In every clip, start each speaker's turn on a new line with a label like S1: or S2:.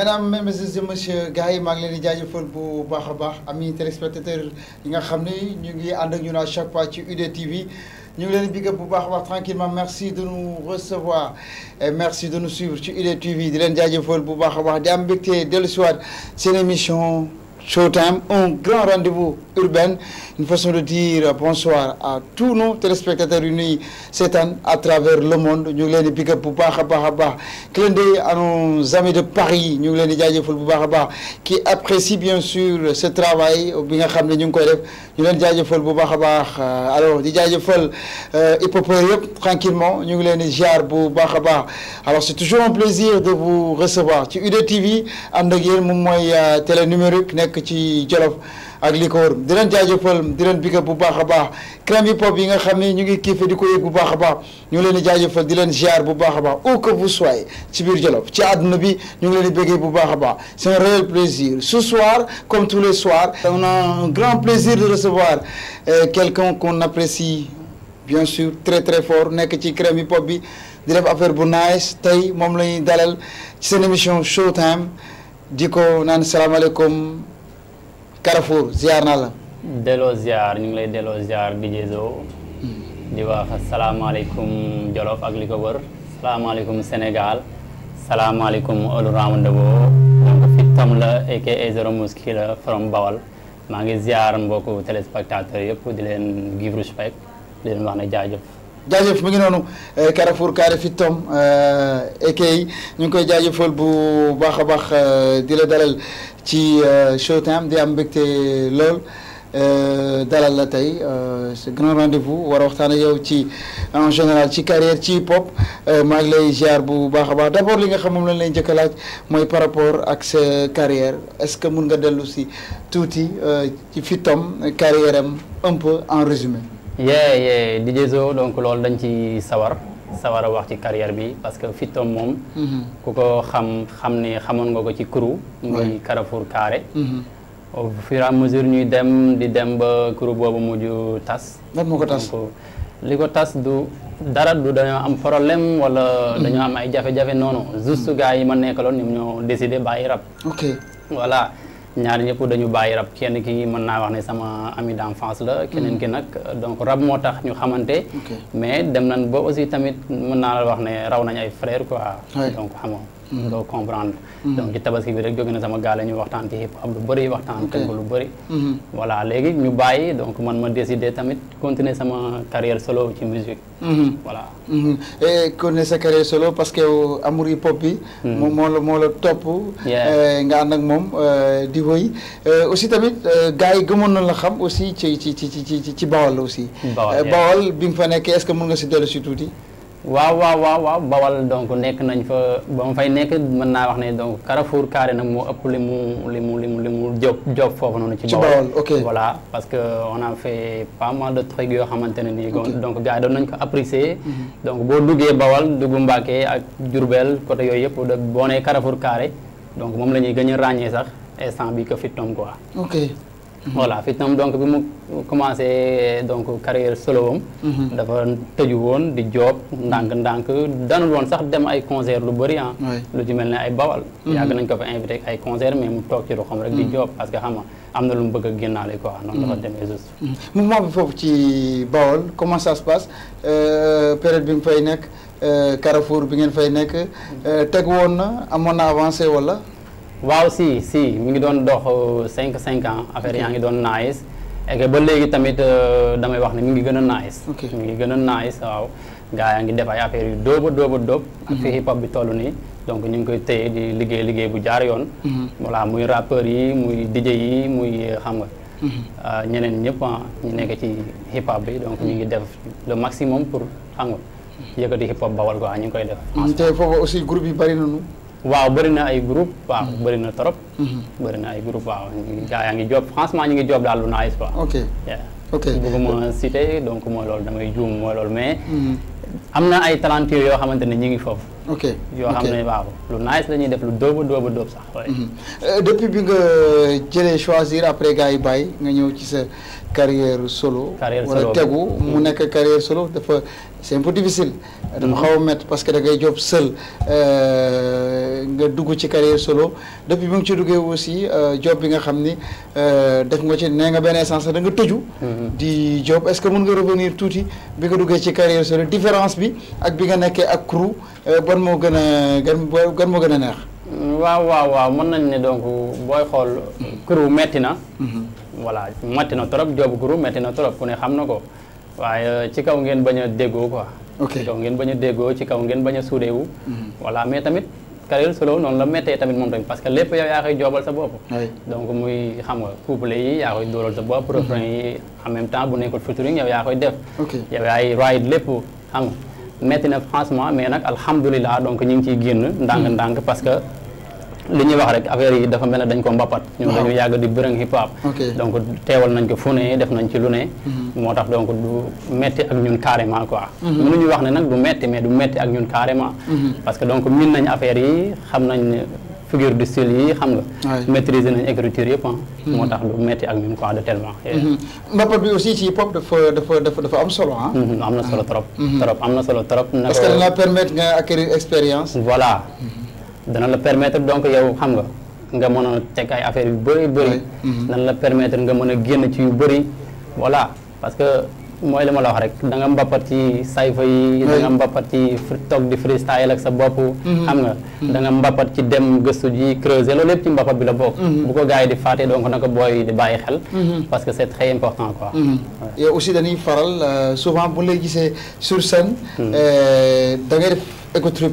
S1: mesdames et messieurs et messieurs gars yi bu amis téléspectateurs yi nga xam ñu ngi à chaque fois ci UDTV. Nous ñu ngi leen nous bu tranquillement merci de nous recevoir et merci de nous suivre ci UDTV. TV di leen jaajëfal bu baax a baax di am mbégte émission. Showtime, un grand rendez-vous urbain, une façon de dire bonsoir à tous nos téléspectateurs unis cette année à travers le monde. Nous les piquons pour Bahabahaba, clendé à nos amis de Paris, nous les pour Bahabah, qui apprécient bien sûr ce travail, au bien ramené nous collègues, nous les diageophol pour Bahabah. Alors, diageophol hypopériop euh, tranquillement, nous les jar pour Bahabah. Alors, c'est toujours un plaisir de vous recevoir. Tu UDTV, en de mon moyen télé numérique, nekk ci Jolof ak li ko di len jaajëfal di len bigg bu baax baax crème bi nga xamni ñu ngi kiife di ko yëg bu baax a baax ñu len leen di jaajëfal di ziar bu baax baax où que vous soyez ci biir Jolof ci aduna bi ñu ngi leen di béggee bu baax baax c'est un réel plaisir ce soir comme tous les soirs on a un grand plaisir de recevoir euh, quelqu'un qu'on apprécie bien sûr très très fort nek ci crème hip hop bi di def affaire bu nice tay mom la dalal ci seen émission Showtime Diko nan naan salaamaaleykum Carrefour ziar naa la.
S2: delloo ziar ñu ngi lay delloo ziar DJ Zo. Hmm. di wax salaamaaleykum Jolof ak li ko wër salaamaaleykum Sénégal salaamaaleykum all round the world donc fi la aka Zero Mosquée from Bawal maa ngi ziar mbokku téléspectateurs yëpp di leen give respect di leen wax ne jaajëf.
S1: jaajëf mu ngi noonu eh, Carrefour Carré fi Tom ekey eh, ñu ngi koy jaajëfal bu baax a baax eh, di la dalal ci showtime di am mbégte lool dalal la tey ce grand rendez-vous war a waxtaan ak yow ci en général ci carrière ci hip hop maa ngi lay ziar bu baax a baax d'abord li nga xam moom lañ lay njëkk a laaj mooy par rapport ak sa carrière est-ce que mun nga dellu si tuuti ci fi Tom carrière am un peu en résumé.
S2: yee di DJ donc loolu dañ ci sawar sawar a wax ci carrière bi parce que Fito moom mhm. ku ko xam xam ne xamoon nga ko ci crew muy Carrefour Carré mhm. au fur et à mesure ñuy dem di dem ba crew boobu mujj tas lan moo ko tas li ko tas du dara du dañoo am problème wala mhm. dañoo am ay jafe-jafe noonu juste gars yi ma nekkaloon ñoom ñoo décidé bàyyi rab ok voilà ñaar ñëpp dañu bàyyi rab kenn ki mën naa wax ne sama ami d'enfance la keneen ki mm. nag donc rab moo tax ñu xamante mais dem nañ ba aussi tamit mën naa la wax ne raw nañ ay frère quoi donc xam doo comprendre mm-hmm. donc ci tabaski bi rek jóge na sama gaale ñu waxtaan ci hip hop lu bëri waxtaan tëgg lu bëri mm-hmm. voilà léegi ñu bàyyi donc man ma décidé tamit continuer sama
S1: carrière solo ci musique mm-hmm. voilà continuer sa carrière solo parce que amour hip hop bi moo la moo la topp euh, nga ànd ak moom euh, di woy euh, aussi tamit gars yi gëmoon na la xam aussi ci ci ci ci ci ci Bawol aussi Bawol bi nga fa nekkee est-ce mën nga si dellu si tuuti waaw waaw waaw waaw bawal donc nekk nañ
S2: fa ba ma fay nekk mën naa wax ne donc carrefour carré nag moo ëpp li mu li mu li mu li mu jóg jóg foofu noonu ci bawal ok voilà parce que on a fait pas mal de trucs yoo xamante ne nii okay. donc gars yi doon nañ ko apprécier mhm. donc boo duggee bawal dugg mbàkke ak jurbel côté yooyu yëpp de boo nee carrefour carré donc moom la ñuy gën a ràññee sax instant bi ko fi tomb quoi
S1: ok Mm-hmm. voilà
S2: Fitnam donc bi mu commencé donc carrière solo am. Mm-hmm. dafa tëju woon di job ndànk-ndànk daanul woon sax dem ay concert lu bëri ah. lu ci ne ay bawal. Mm-hmm. yàgg nañ ko fa invité ay concert mais mu toog ci lu xam rek di job parce que xam nga am na lu mu bëgg a génnaale quoi. noonu dafa demee juste.
S1: mouvement bi foofu ci bawal comment ça se passe euh, bi mu fay nekk euh, Carrefour bi ngeen fay nekk euh, teg woon na amoon na avancé wala. waaw si si mi ngi doon dox
S2: 5 euh, 5 ans affaire yaa ngi doon nice et ba léegi tamit euh, damay wax ne mu ngi gën a nice. mi ngi gën a nice waaw. gaa yaa ngi def ay affaire yu dóoba dóoba dóob. ak fi mhm. hip hop bi toll nii. donc ñu ngi koy téye di liggéey liggéey bu jaar yoon. Mhm. voilà muy rappeurs yi muy DJ yi muy euh, xam nga. Mhm. ñeneen ñëpp ah, ñu nekk ci hip hop bi donc ñu ngi def le maximum pour xam nga yëkkati hip hop bawal quoi ñu ngi koy def. Mm,
S1: te foofu waaw beri na
S2: ay groupe waaw bëri na trop bëri na ay groupe waaw gars yaa dijawab job franchement ñu ngi job daal lu nice quoi ok yeah. ok bëgg ma cité donc mooy loolu damay juum mooy loolu mais am na ay talentueux yoo xamante ne ñu ngi foofu ok
S1: yoo xam lu nice la ñuy def lu doobu doobu doob sax waaye hmm. eh, depuis bi nga jëlee choisir après gars yi bàyyi nga ñëw carrière solo. carrière solo wala tegu mu mm. nekk carrière solo dafa c'est un difficile. dafa mm. xaw a métti parce que da ngay job seul euh, nga dugg ci carrière solo depuis bi nga ci duggee aussi euh, job bi nga xam ni euh, def nga ci nee nga benn essence da nga tëju. Mm-hmm. di job est-ce que mën nga revenir tuuti bi nga duggee ci carrière solo différence bi ak bi nga nekkee ak crew ban moo gën a gan gan moo gën a neex. Mm, waaw waaw waaw mën nañ ne donc booy xool
S2: crew metti na. Mm-hmm. voilà metti na trop jobu guru metti na trop ku ne xam na ko waaye euh, ci kaw ngeen bañ a déggoo quoi. ok ci kaw ngeen bañ a déggoo ci kaw ngeen bañ a suudeewu. Mhm. voilà mais tamit carrière solo noonu la méttee tamit moom tamit parce que lépp yow yaa koy joobal sa bopp. donc muy xam nga couple yi yaa koy dóoral sa bopp. refrain yi mhm. en même temps bu nekkul featuring yow yaa koy def. yow yaay ride lépp xam nga métti na franchement mais nag alhamdulilah donc ñu ngi ciy génn. ndànk ndànk que. li ñuy wax rek affaire yi dafa mel ne dañ ko mbappat ñoom dañu yàgg di bërëng hip hop donc teewal nañ ko fu ne def nañ ci lu ne mhm. moo tax donc du metti ak ñun carrément quoi mhm. mënuñu wax ne nag du metti mais du metti ak mhm. parce que donc min nañ affaire yi xam nañ figure de style yi xam ah. tax du metti ak ñun quoi de tellement.
S1: mbappat bi aussi ci hip-hop dafa dafa dafa am
S2: solo ah. am na solo trop. am na solo trop. parce que dina permettre nga acquérir expérience. voilà. dana la permettre donc yow xam nga nga mën a teg ay affaire yu bëri bëri mhm. dana la permettre nga mën a génn ci yu bëri voilà parce que mooy li la wax rek da nga mbappat ci sayfa yi da nga mbappat ci toog di freestyle ak sa bopp xam mhm. mhm. nga da nga mbappat ci dem gëstu ji creuser loolu lépp ci mbappat bi la bokk bu ko gars di fàtte donc na ko booy di bàyyi xel parce que c' très important quoi.
S1: yow aussi dañuy faral souvent bu lay gisee sur scène da ngay def écotrip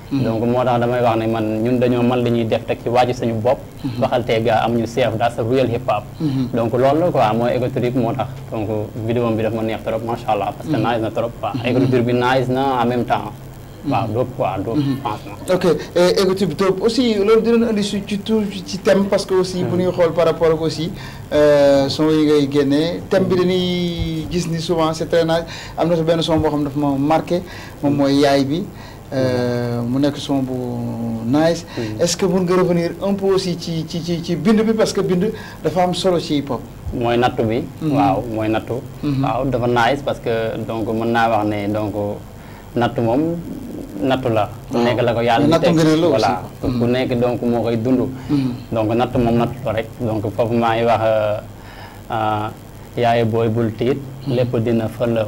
S2: Mm-hmm. donc moo tax damay wax ne man ñun dañoo mën li ñuy def teg ci wàcc suñu bopp mm-hmm. waxaltee gaa am ñu chef daal sa real hip hop mm-hmm. donc loolu la quoi mooy écotrip moo tax donc vidéo bi daf ma neex trop macha allah parce que nice na trop quoi écotrip bi
S1: nice na en même temps waaw doog
S2: quoi doog franchement
S1: ok écotrip doog aussi loolu dinañ indi su ci tout ci thème parce que aussi bu ñuy xool par rapport ak aussi euh, son yi ngay génnee thème bi dañuy gis ni souvent c'est très nice am na sa benn son boo xam ne daf ma marqué moom mooy yaay bi Euh, mu nekk son bu nice. Mm. est-ce que mun nga revenir un peu aussi ci ci ci ci bind bi parce que bind dafa am solo ci hip hop. mooy
S2: nattu bi. Mm-hmm. waaw mooy nattu. Mm-hmm. waaw dafa nice parce que donc mën naa wax ne donc nattu moom nattu la. ku nekk la ko yàlla di teg voilà ku mm-hmm. nekk donc moo koy dund. donc nattu moom nattu la rek donc foofu maa ngi wax euh, euh, yaay booy bul tiit lépp dina fëlaw.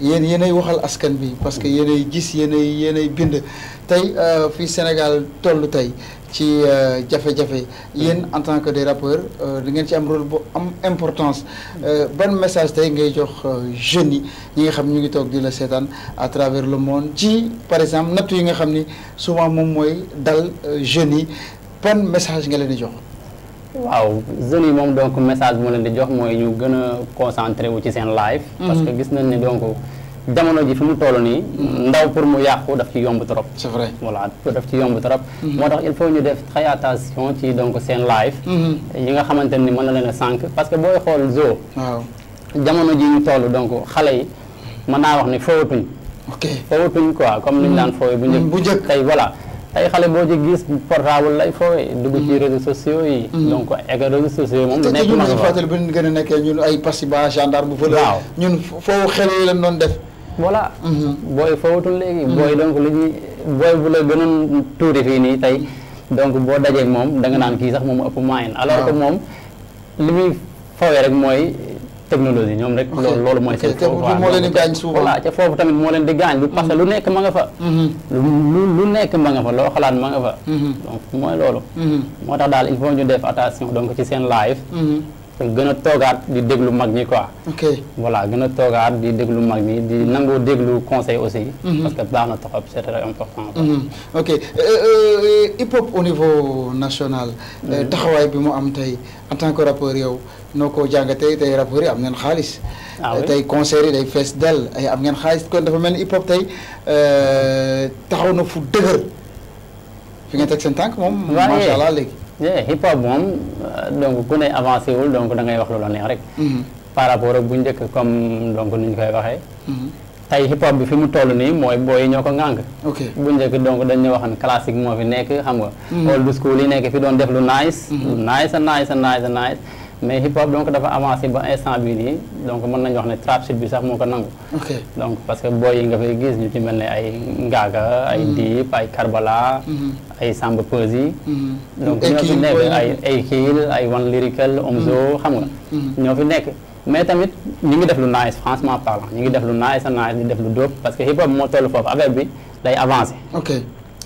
S1: yéen yéenay waxal askan bi parce que yéenay gis yéenay yéenay binde. Tay euh, fi Senegal toll tay, ci euh, jafe-jafe Yen en tant que des rappeurs euh, di ngeen ci am rôle am importance ban message tay ngay jox jeunes yi ñi nga xam ñu ngi tok di la seetaan à travers le monde ci par exemple nattu yi nga xam ni souvent moom mooy dal jeunes yi message nga leen di jox.
S2: waaw jeunes yi moom donc message moo leen di jox mooy ñu gën a concentré wu ci seen live. Mm-hmm. parce que gis nañ ni donc jamono ji fi mu toll nii. ndaw pour mu yàqu daf ci yomb trop. c'est vrai voilà daf ci mm-hmm. moo tax il faut ñu def a attention ci donc seen live. Mm-hmm. yi nga xamante ni mën na leen a sànq parce que booy xool zoo. waaw jamono ji ñu toll donc xale yi mën naa wax ne fowatuñ. ok fowatuñ quoi comme ni ñu daan fooy bu njëkk bu njëkk ay xale boo ci gis portable lay fooy. dugg ci mm-hmm. réseaux sociaux yi. Mm-hmm. donc ak réseaux sociaux moom. nekk ñun
S1: bu gën a nekkee ñun ay passé ba gendarme bu fële. waaw ñun foofu xel yi lañ doon def. voilà. Mm-hmm. booy foofutul léegi. booy donc li ñuy booy bu la gënoon
S2: tuuti fii nii tey donc boo dajee moom da nga naan kii sax moom ëpp moyen alors que moom li muy fawee rek mooy. technologie ñoom rek loolu loolu mooy seen foofu moo leen di gaañ souvent voilà ca foofu tamit moo leen di gaañ lu parce lu nekk ma nga fa mm-hmm. lu lu nekk ma nga fa loo xalaat ma nga fa mm-hmm. donc mooy loolu mm-hmm. moo tax daal il faut def attention donc ci seen live gën a toogaat di déglu mag ñi quoi. voilà gën a toogaat di déglu mag ñi di nangoo déglu conseil aussi. Mhm. parce que baax na
S1: mhm. euh, euh, hip hop au niveau national. Euh, mhm. taxawaay bi mu am tey en tant que rappeur yow noo ko jàngatee tey rappeurs yi am ngeen xaalis. Ah tey concert day fees dell ay am ngeen xaalis kon dafa mel ni hip hop tey taxaw na fu dëgër fi nga teg seen tànk moom. macha allah léegi. Eh, hip hop moom euh, donc ku
S2: ne avancé wul donc da ngay wax lu la neex rek. Mm-hmm. par rapport ak bu njëkk comme donc ni ñu koy waxee. Mm-hmm. tey hip hop bi fi mu toll nii mooy booy yi ñoo ko ŋànk. bu njëkk donc dañu waxan classique moo fi nekk xam nga. Mm-hmm. old school yi nekk fi doon def lu nice. lu nice a nice a nice a nice. mais hip hop donc dafa avancé ba instant bii nii donc mën nañu wax ne trap shit bi sax moo ko nangu. donc parce que booy yi nga fay gis ñu ci mel ne ay Ngaaga. ay mm-hmm. Diip ay Karbala. Mm-hmm. ay Samba Peuzzi.
S1: Mm-hmm. donc ñoo fi nekk ay
S2: ay Kiil ay One Lyrical Omzo xam nga. ñoo fi nekk mais tamit ñu ngi def lu nice franchement parlant ñu ngi def lu nice a nice di def lu dope parce que hip hop moo toll foofu affaire bi day avancé.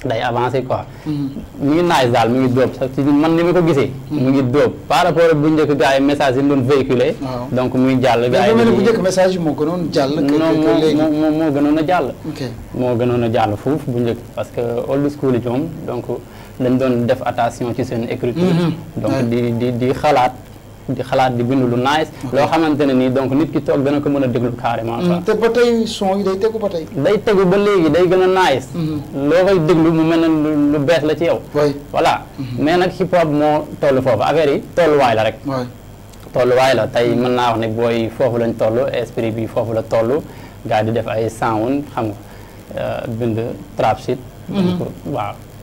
S2: day avancé quoi. Mm. mu ngi naaj daal mu ngi dóob sax ci man ni ma ko gisee. Mm. mu ngi dóob par rapport bu njëkk gars message yi ñu doon véhiculé. muy jàll. gars bu njëkk
S1: message yi moo gënoon jàll. que moo gënoon a jàll.
S2: moo gënoon a jàll foofu bu njëkk parce que old school yi moom donc dañ doon def attention ci seen écriture. Mm-hmm. donc di di di xalaat. di xalaat di bind lu nice loo xamante ne nii donc nit ki toog dana ko mën a déglu carrément mm, te
S1: ba tey son yi day tegu ba tey
S2: day tegu ba léegi day gën a nice mm-hmm. loo koy déglu mu mel ne lu bees la ci yaw voilà mm-hmm. mais nag hip hop moo toll foofu affaire yi tolluwaay
S1: waay la tey mën naa wax
S2: ne booy foofu lañ toll esprit bi foofu la toll gars di def ay sound xam nga euh, bind trap shit mm-hmm.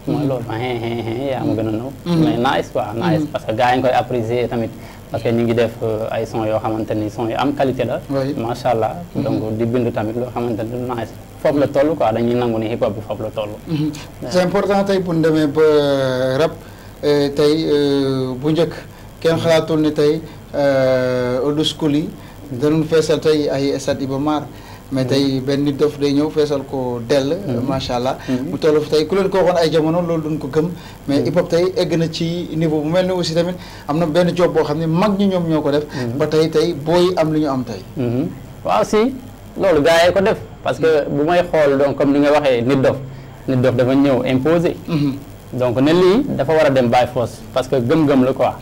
S2: loolu ma xee yaa ma gën a naw mais nice parce que gars yi ngi koy tamit parce que ñu ngi def euh, ay son yoo xamante ni son yu am qualité la. macha allah mhm. donc di bind tamit loo xamante ni lu nice foofu la toll quoi dañuy nangu ni hip hop bi foofu la toll.
S1: Mhm. c'est important tey bu ñu demee ba euh, rap euh, tey bu njëkk kenn mhm. xalaatul ni tey old school yi dañu feesal tey ay stade Iba Mar. mais tey benn nit dof day ñëw feesal ko dell. Mhm. macha allah mhm. mu toll fi tey ku leen ko waxoon ay jamono loolu duñ ko gëm. mais mhm. hip hop tey egg na ci niveau bu mel ni aussi tamit am na benn job boo xam ne mag ñi ñoom ñoo ko def. ba tey tey booy am lu ñu am tey. waaw si loolu
S2: gars yi ko def. parce que bu may xool donc comme li nga waxee nit dof nit dof dafa ñëw imposé. donc ne lii dafa war a dem by force parce que gëm-gëm la quoi.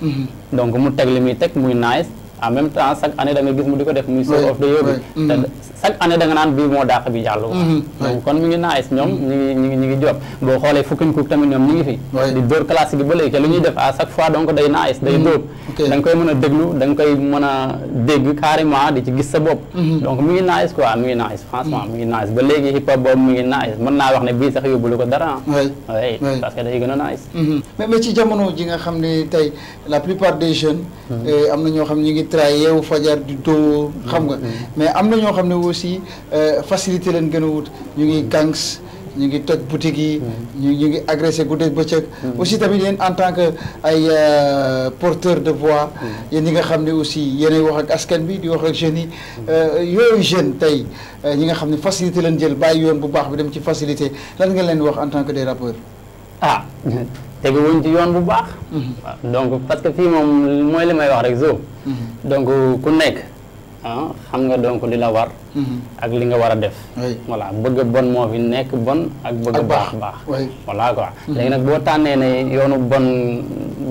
S2: donc mu teg li muy teg muy nice. en même temps chaque année da nga gis mu di ko def muy show of the year bi te mm. chaque année da nga naan bii moo dàq bi jàllu mm-hmm. donc kon mi ngi nice ñoom ñi ngi ñi boo xoolee fukkin kook tamit ñoom ñi ngi fi di dóor classique ba léegi te lu ñuy def à chaque fois donc day nice day mm-hmm. dóor da koy mën a déglu da a di ci gis sa bopp mm-hmm. donc mi ngi nice quoi mi ngi nice franchement mi ngi nice ba léegi hip hop boobu mi ngi nice mën naa wax ne bii sax yóbbulu ko dara
S1: a eh, am na ñoo xam ñi ngi extra yeewu fajar di dóor xam nga mm-hmm. mais am na ñoo xam ne aussi euh, facilité leen gën a wut ñu ngi gangs ñu ngi toj boutique yi mm-hmm. ñu ñu ngi agressé guddeeg bëccëg mm-hmm. aussi tamit yéen en tant que ay euh, porteur de voix yéen ñi nga xam ne aussi yéenay wax ak askan bi di wax ak jeunes yi euh, yooyu jeune tey ñi nga xam ne facilité leen jël bàyyi yoon bu baax bi dem ci facilité lan nga leen wax en tant que des rappeurs ah tegu wuñ ci yoon bu baax. Mm-hmm. donc parce que fii moom
S2: mooy li may wax rek zo. Mm-hmm. donc ku nekk ah xam nga donc li la war. Mm-hmm. ak li nga war a def. voilà bëgg bon moo fi nekk bon ak bëgg baax baax. voilà quoi léegi nag boo tànnee ne yoonu bon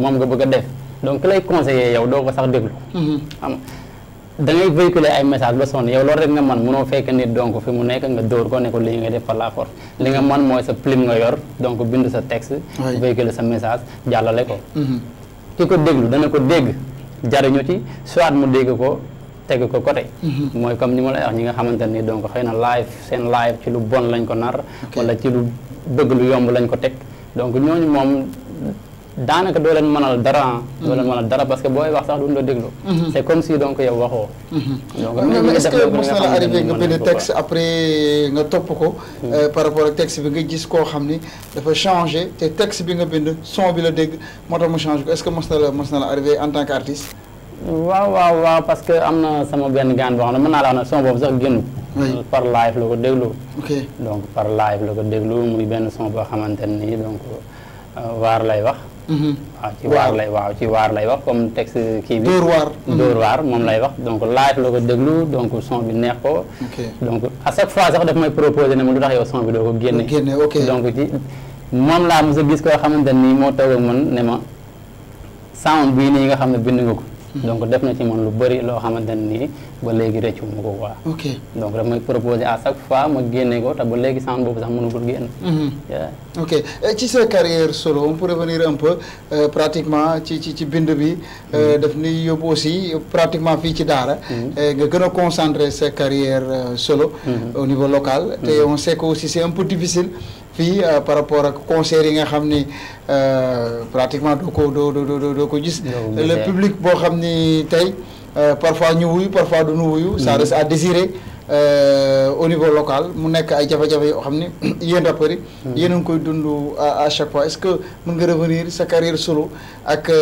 S2: moom nga bëgg a def donc ki lay conseiller yow doo ko sax déglu. da ngay ay message ba sonn yow loolu rek nga mën mënoo fekk nit donc fi mu nekk nga dóor ko ne ko li nga def par la force li nga mën mooy sa plume nga yor donc bind sa texte véhiculer sa message jàllale ko mhm. ki ko déglu dana ko dégg jariñu ci soit mu dégg ko teg ko côté mhm. mooy comme ni ma lay wax ñi nga xamante ni donc xëy na live seen live ci lu bon lañ ko nar wala ci lu bëgg lu yomb lañ ko teg donc ñooñu moom daanaka doo leen mënal dara doo dara parce que booy wax sax
S1: duñ la déglu mhm. c'est comme si donc yow waxoo mhm. donc mais na la arrivé nga après nga topp ko mhm. euh, par rapport ak texte bi nga gis koo xam ni dafa changé te texte bi nga bind son bi la dégg moo tax mu changé ko est que mos na la mos na la arrivé en waaw waaw waaw parce que am na sama benn gaan boo xam ne mën naa la wax ne son boobu sax génn euh,
S2: par live la ko déglu donc par live la ko déglu muy benn son boo xamante nii donc euh, waar lay wax waaw mm-hmm. ah, ci waar lay waaw ci waar lay wax comme texte kii bi dóor waar mm-hmm. dóor waar mm-hmm. moom lay wax donc live la ko déglu donc son bi neex ko donc à chaque fois sax daf may proposé ne ma lu tax yow son bi doo ko génne donc ci moom laa mos a gis koo xamante nii moo toog ak man ne ma sound bii nii nga xam ne bind nga ko donc def na ci moom lu bëri loo xamante ne nii ba léegi rëccu ma ko quoi. ok donc daf may proposer
S1: à chaque fois ma génne ko te ba léegi sama bopp sax mënagul génn. Mhm. ok euh, ci sa solo on peut euh, pratiquement ci ci ci bind bi. Euh, mhm. daf ñuy yóbbu aussi pratiquement fii ci Daara. Mhm. nga gën a concentrer sa carrière solo. au niveau local. te on sait aussi c'est un peu difficile. fii euh, par rapport ak concert yi nga xam ni euh, pratiquement doo ko doo doo doo ko gis. le public boo xam ni tey euh, parfois ñu wuyu parfois du ñu wuyu. ça mm-hmm. reste à désirer au niveau local mu nekk ay jafe-jafe yoo xam ni yéen rappeurs yi. Mm-hmm. yéen a ngi koy dund à chaque fois est-ce que mën nga revenir sa carrière solo ak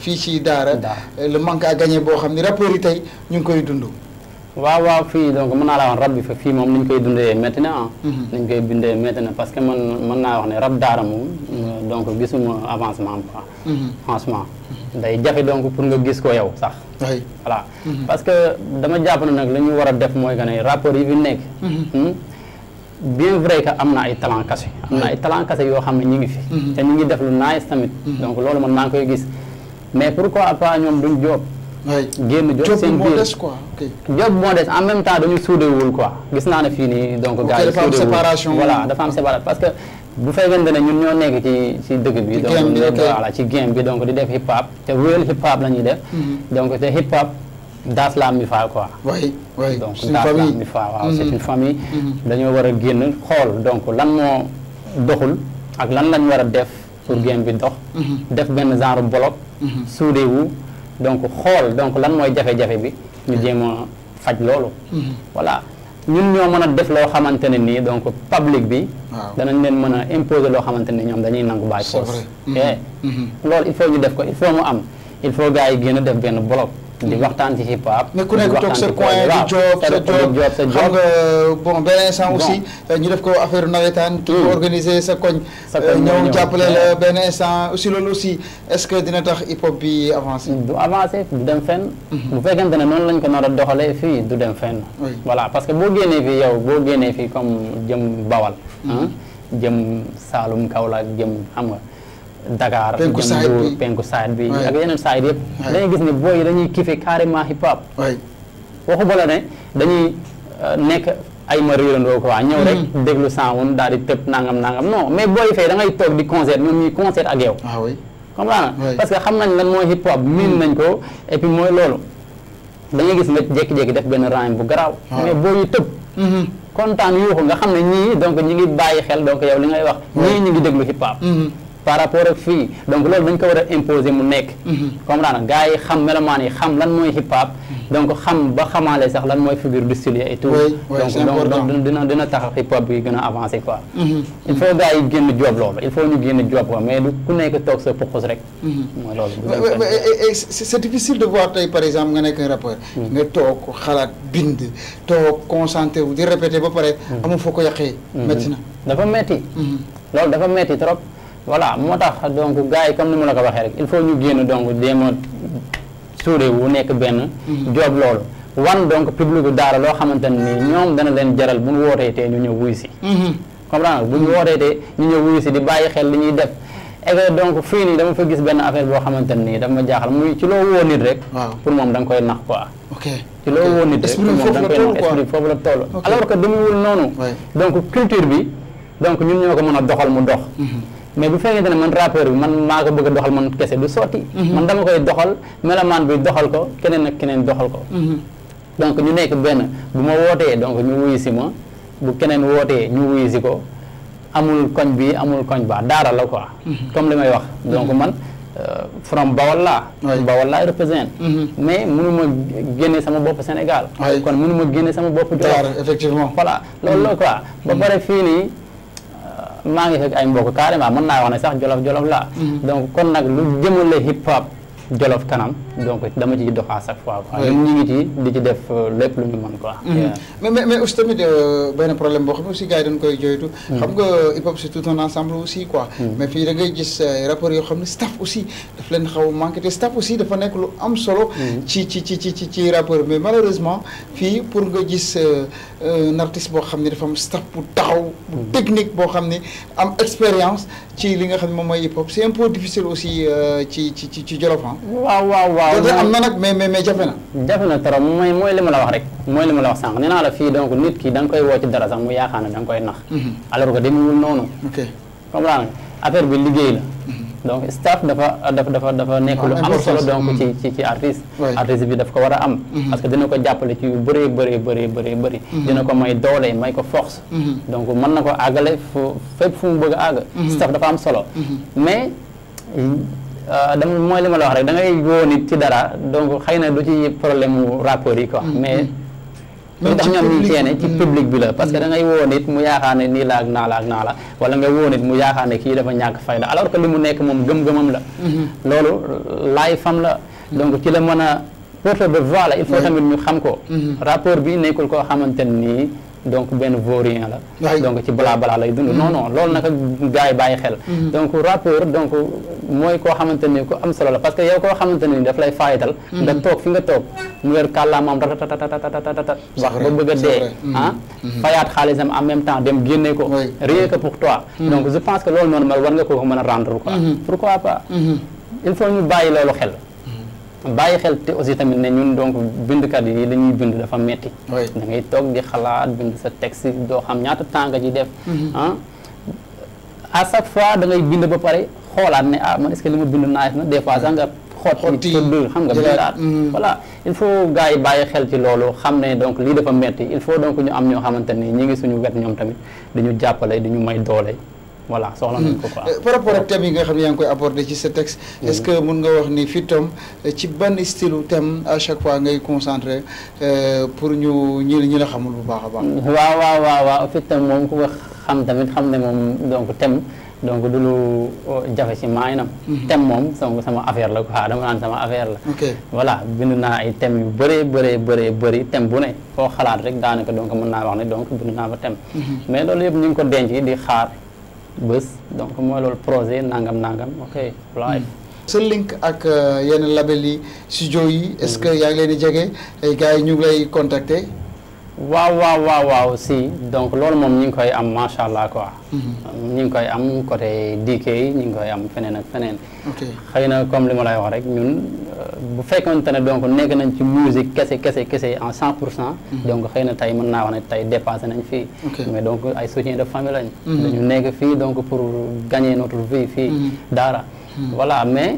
S1: fii si Daara. le manque à gagner boo xam ni rappeurs yi tey ñu ngi koy dund. waaw waaw fii donc mën naa laa wax
S2: rab bi fa fii moom ni koy dundee métti na ah. Mhm. ni koy dundee métti na parce que man mën naa wax ne rab daara moom donc gisuma avancement am quoi. Mhm. day jafe donc pour nga gis ko yow sax. voilà mhm. parce que dama jàpp ne nag lañuy war a def mooy que ne rapport yi fi nekk. Hmm? bien vrai que am na ay talent caché. am na ay talent caché yoo xam ne ñu ngi fi. te ñu ngi def lu nice tamit. donc loolu man naa ngi koy gis mais pourquoi pas ñoom duñ job génn jot seen biir
S1: job
S2: moo en même temps dañu suudewul quoi gis naa ne fii nii donc gars yi suudewul voilà dafa am séparation parce que bu fekkente ne ñun ñoo nekk ci ci bi donc voilà ci game bi donc di def hip hop te real hip hop la ñuy def mhm. donc te hip hop daas la mi faa quoi
S1: donc daas la mi faa waaw c'est mhm. une
S2: famille mhm. dañoo war a génn xool donc lan moo doxul ak lan lañ war a def pour game bi dox def benn genre bloc suudewu donc xool donc lan mooy jafe-jafe bi ñu hmm. jéem faj loolu hmm. voilà ñun ñoo mën a def loo xamante ne nii donc public bi danañ leen mën a imposer loo xamante ne ñoom dañuy nangu bàyyi force hmm. Eh. loolu il faut ñu def ko il faut mu am il faut gars yi génn def
S1: benn bloc di mm-hmm. waxtaan ci hip hop. di waxtaan ci waaw sa job sa job bon benn instant aussi euh, ñu ko affaire nawetaan. Mm. organiser sa koñ. sa euh, koñ ñëw jàppale la benn instant aussi loolu aussi est-ce que dina tax hip hop bi avancé. du avancé du dem fenn. Mm-hmm. bu fekkente ne noonu lañ ko nar a doxalee fii du dem fen voilà parce que boo
S2: génnee fii yow boo génnee fii comme jëm Bawal. Mm-hmm. Ah, jëm Saalum Kaolack jëm am nga. Dakar Youmbur penku side bi ak yeneen side yëpp dañuy gis ne booy dañuy kife carrément hip hop waxu la ne dañuy euh, nekk ay ma réerandoo quoi ñëw rek mm-hmm. déglu saawun daal di tëb nangam nangam non mais booy fay da ngay toog di concert ñoom ñuy concert ak yow ah comme ça parce que xam nañ lan mooy hip hop miin mm-hmm. nañ ko et puis mooy loolu da ngay gis nga jékki-jékki def benn rang bu garaaw ah mais boo ñu tëb mm-hmm. kontaan yuuxu nga xam ne ñii donc ñi ngi bàyyi xel donc yow par rapport ak fii donc loolu dañ ko war a imposer mu nekk mhm. comprendre gars yi xam melomaan yi xam lan mooy hip hop mhm. donc xam ba xamaale sax lan mooy figure du style et tout donc donc dina dina tax hip hop bi gën a avancé quoi mhm. il faut gars yi génn job loolu il faut ñu génn job quoi mais du ku nekk toog sa poxos rek mooy loolu
S1: c'est difficile de voir tey par exemple nga nekk un rappeur nga toog xalaat bind toog concentré wu di répété ba pare amul foo ko yàqee métti na dafa metti loolu dafa metti trop
S2: voilà moo tax donc gars yi comme ni ma la ko waxee rek il faut ñu génn donc déema suuré wu nekk benn mm. joob loolu wan donc public daara loo xamante ni ñoom dana leen jaral bu ñu wootee te ñu ñëw wuy si mm-hmm. comprendre bu ñu wootee te ñëw wuyu si di bàyyi xel li ñuy def et que donc fii nii dama fa gis benn affaire boo xamante nii dama jaaxal muy ci loo woo nit rek pour moom da koy nax quoi
S1: ci loo woo nit rek pour moom da nga koy nax esprit foofu la toll
S2: alors que demewul noonu donc culture bi donc ñun ñoo ko mën a doxal mu dox mm-hmm. mais bu fekkente ne man rappeur bi man maa ko bëgg a doxal man kese du sotti. Mhm. man dama koy doxal melomaan bi doxal ko keneen ak keneen doxal ko. Mhm. donc ñu nekk benn bu ma wootee donc ñu wuyu si ma bu keneen wootee ñu wuyu ko amul koñ bi amul koñ ba daara la quoi. Mhm. comme li may wax donc man. Euh, from ba laa Bawol laa représente mais mënu ma génne sama bopp Sénégal kon mënu ma génne sama bopp Jolof effectivement voilà loolu la quoi ba pare fii nii maa ngi fekk ay mbokk carrément mën naa wax ne sax jolof jolof la mm-hmm. donc kon nag lu jëmale hip hop jolof kanam donc dama ci dox à chaque fois euh, quoi ñu ngi ci di ci def lepp lu ñu man quoi mais
S1: mais mais aussi tamit euh, ben problème bo xamni aussi gaay dañ koy joytu mm-hmm. xam nga euh, hip hop c'est tout un ensemble aussi quoi mm-hmm. mais fi da ngay gis rapper yo xamni staff aussi daf leen xaw manquer té staff aussi dafa nek lu am solo mm-hmm. ci ci ci ci ci rapper mais malheureusement fi pour nga gis un artiste bo xamni dafa am staff bu taw technique bo xamni am expérience ci li nga xamni mom moy hip hop c'est un peu difficile aussi ci ci ci jollof waaw waaw waaw waaw te am na nag mais mais mais jafe na. jafe na trop mooy
S2: li ma la wax rek mooy li ma la wax sànq nee naa la fii donc nit ki da koy woo dara sax mu yaakaar ne da nga koy nax. Mm-hmm. alors que demewul noonu. bi liggéey la. Mm-hmm. donc staff dafa dafa dafa dafa nekk lu ah, am solo donc ci mm-hmm. ci ci artiste artiste bi daf ko war a am parce que dina ko jàppale ci yu bëree bëree bëree bëree dina ko may doole may ko force donc mën na ko àggale fu fépp mu bëgg a àgg staff dafa am solo mais Euh, dama mooy li la wax rek da ngay woo nit ci dara donc xëy na du ci problème mu rapport yi quoi mm-hmm. mais mm-hmm. li tax ci mm-hmm. public bi la parce que da ngay woo mu yaakaar ne nii la ak naa la ak naa la wala nga woo nit mu yaakaar ne kii dafa ñàkk fayda alors que li mu nekk moom gëm-gëmam la loolu laay fam la donc ci la mën a porte de voix la il faut tamit ñu xam ko rapport bi nekkul koo xamante nii donc benn vaurien la donc ci balaa balaa lay dund non non mm-hmm. loolu naka gars yi bàyyi xel mm-hmm. donc rapport donc mooy koo xamante ni ku am solo la parce que yow koo xamante ni daf lay fayital mm-hmm. nga toog fi nga toog mu yor kàllaamaam ratatatatatatatata wax a dee ah xaalisam en même temps dem génne ko rien que pour toi donc je pense que loolu noonu mal war nga ko mën a rendre quoi pourquoi pas il faut ñu bàyyi loolu xel bàyyi xel te aussi tamit ne ñun donc bindkat yi la ñuy bind dafa metti da ngay toog di xalaat bind sa texte doo xam ñaata temps nga ci def mhm. ah chaque fois da ngay bind ba pare xoolaat ne ah man est-ce que li ma bind naa na des fois sax nga xool tëdd xam nga bindaat mhm. voilà il faut gars yi bàyyi xel ci loolu xam ne donc lii dafa metti il faut donc ñu am ñoo xamante
S1: ni ñu ngi suñu wet ñoom tamit dañu jàppale dañu may doole voilà soxla nañ ko quoi. Euh, par rapport nga xam ne yaa ngi koy abordé ci sa texte. Mm-hmm. est ce que mun nga tam euh, chaque fois ngay concentré euh, pour ñu ñi ñi xamul bu baax a baax. Mm-hmm. waaw waaw waaw waaw tam moom ku ko xam tamit xam ne moom donc thème. donc du lu
S2: jafe ci maanaam. Mm-hmm. thème moom donc sama affaire la quoi dama naan sama affaire la. ok voilà bind naa ay thèmes yu bëree bëree bëree bëri thème bu ne. foo xalaat rek daanaka donc mën naa wax ne donc xaar. bus donc moi lol
S1: projet nangam nangam ok live ce hmm. link ak euh, yenn label yi studio yi est ce hmm. que ya ngi leni jégué ay gars ñu lay contacter wa wa
S2: donc loolu moom ñu ngi koy am quoi. Mhm. koy am côté DK comme li wax rek ñun euh, bu donc nañ musique en 100%, pour mhm. donc xëy donc de famille mhm. pour gagner notre vie voilà mais.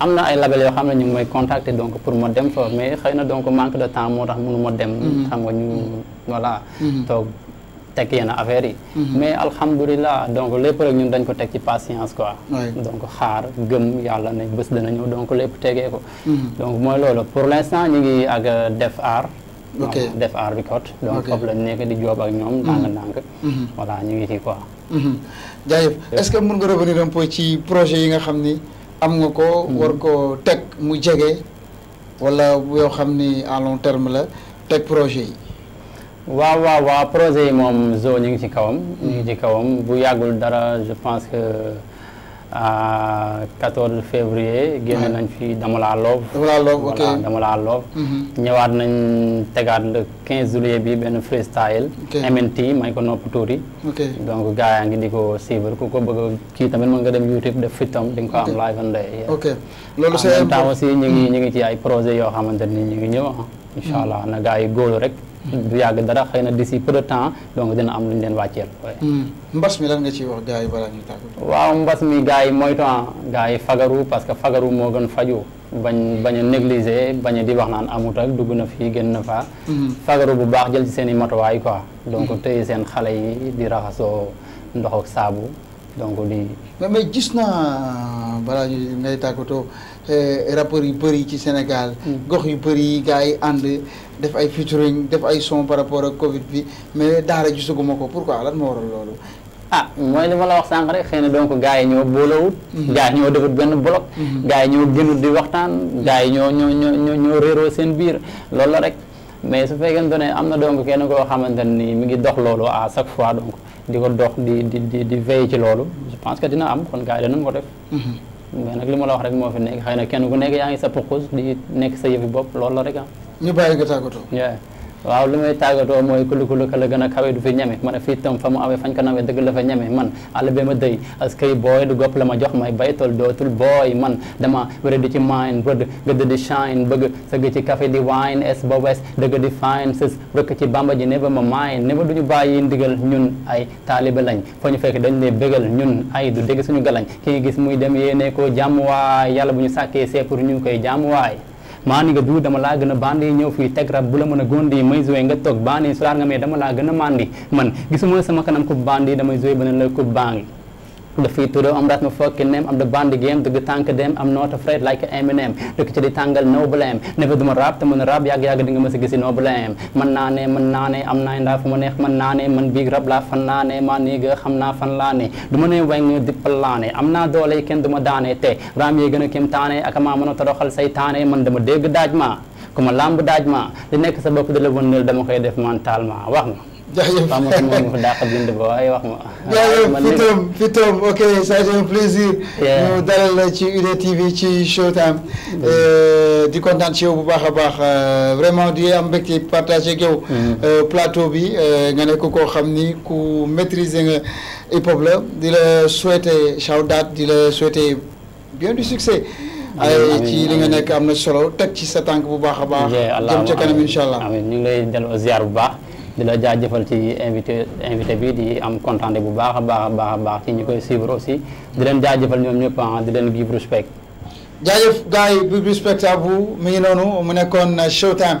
S2: am na ay label yoo xam ne ñu ngi may contacter donc pour ma dem fa mais xëy na donc manque de temps moo tax mënu ma dem mm-hmm. xam nga ñu mm-hmm. voilà mm-hmm. toog teg yenn affaires yi mais alhamdulilah donc lépp rek ñun dañ ko teg ci patience quoi donc xaar gëm yàlla ne bés dana ñëw donc lépp tegee ko donc mooy loolu pour l'instant ñu ngi ak euh, def aar ok def art record donc foofu lañ nekk
S1: di joob ak ñoom ndànk-ndànk voilà ñu ngi ci quoi jaajëf est-ce que nga revenir un ci projet yi nga xam ni am nga ko war ko tek mu jégué wala yo xamni à long terme la tek projet yi wa wa
S2: wa projet mom zo ñing ci kawam ñing ci kawam bu yagul dara je pense que à 14 février. génn nañ fi Dama la love. Dama la love mhm. ñëwaat nañ tegaat le 15 juillet bi benn freestyle. MNT may ko nopp tuuti. donc gaa yaa ngi di ko suivre ko ko bëgg kii tamit mën nga dem YouTube def fitam di nga ko am live and day. ok loolu c'est aussi ñu ngi hmm. ñu ngi ci ay projet yoo xamante ni ñu ngi ñëw ah. incha hmm. allah na gars yi góolu rek. du yàgg dara xëy na d'ici peu de temps donc dina am lu leen wàcceel.
S1: Hmm. mbas mi lan nga ciy wax gars yi balaa ñuy tàggatoo.
S2: waaw mbas mi gars yi moytu ah yi fagaru parce que fagaru moo gën faju bañ bañ a négliger bañ di wax naan amut ak dugg na fii génn na faa. Hmm. fagaru bu baax jël ci seen i matuwaay quoi. donc hmm. tey seen xale yi di raxasoo ndox ak saabu donc di.
S1: mais mais gis naa balaa ngay tàggatoo. Eh, rapport yu bëri ci Sénégal. Hmm. gox yu bëri yi gars yi ànd def ay featuring def ay son par rapport ak Covid bi mais daara gisaguma ko pour pourquoi lan moo waral loolu. ah mooy li ma la wax sànq rek xëy na donc gars
S2: yi ñoo boolawut. Hmm. gaa yi ñoo defut benn bloc. Hmm. gaa yi ñoo gënut di waxtaan. gars yi ñoo ñoo ñoo ñoo réeroo seen biir loolu la rek. mais su fekkente ne am na donc kenn koo xamante nii mi ngi dox loolu à chaque fois donc di ko dox di di di di veille ci loolu je que dina am kon gars yi dinañ mais nag li ma la wax rek moo fi nekk xëy na kenn ku nekk yaa ngi sa puqus di nekk sa yëfi bopp loolu la rek ah. ñu bàyyi waaw li muy tàggatoo mooy kulukulu ka la gën a kawe du fi ñeme man a fii tam fa mu awee fañ ko nawee dëgg la fa ñeme man àll ba ma dëy askay booy du gopp la ma jox may baytol dootul booy man dama wéré di ci mine rëdd gëdd di shine bëgg sëgg ci café di wine es ba wes dëgg di fine sës rëkk ci bamba ji neba ma mine neba du ñu bàyyi ndigal ñun ay taaliba lañ foo ñu fekk dañ ne bégal ñun ay du dégg suñu galañ ki gis muy dem yéene koo jàmmuwaay yàlla bu ñu sàkkee c'est pour ñu koy jàmmuwaay maani nga du dama laa gën a bandi ñëw fii teg rab bu la mën a gondi may zoe nga toog bandi solaar nga mais dama laa gën a mandi man gisuma sama kanam ku bandi damay zoe beneen la ku bangi defeat to the I'm not my fucking name I'm the band game the tank them I'm not afraid like Eminem look at the tangle no blame never do my rap the mon rap yag yag dinga masigi no blame man nane man nane am nine laugh man ek man nane man big rap laugh fan nane man niga xam na fan lane du man wang di palane am na dole ken duma dane te ram ye gëna kem tane ak ma mëna toroxal saytane man dama deg daaj ma kuma lamb daaj ma li nekk sa bopp de la wëndal dama koy def mentalement wax nga
S1: jaajëf waaw man
S2: man ma fa dàq bind ba waaye wax ma.
S1: jaajëf fi toom fi toom ok ça c'est un plaisir. ñu dalal la ci UD TV ci Showtime. Mm-hmm. Euh, di kontaan ci yow bu baax a baax euh, vraiment di am mbégte partagé ak yow. Mm-hmm. Euh, plateau bi nga nekk koo xam ni ku maîtriser nga hip hop la di la souhaiter Shawdat di la souhaiter bien du succès. Mm-hmm. ci li nga nekk am na solo teg ci sa tànk bu baax a baax. jëm ca kanam incha allah ñu ngi lay delloo ziar bu baax. dila jaajeufal
S2: ci invité invité bi di am contenté bu baaxa baaxa baaxa baax ci ñi koy suivre aussi di
S1: len jaajeufal ñom ñep di len give respect jaajeuf gaay bu respect à vous mi ngi nonu mu nekkon uh, showtime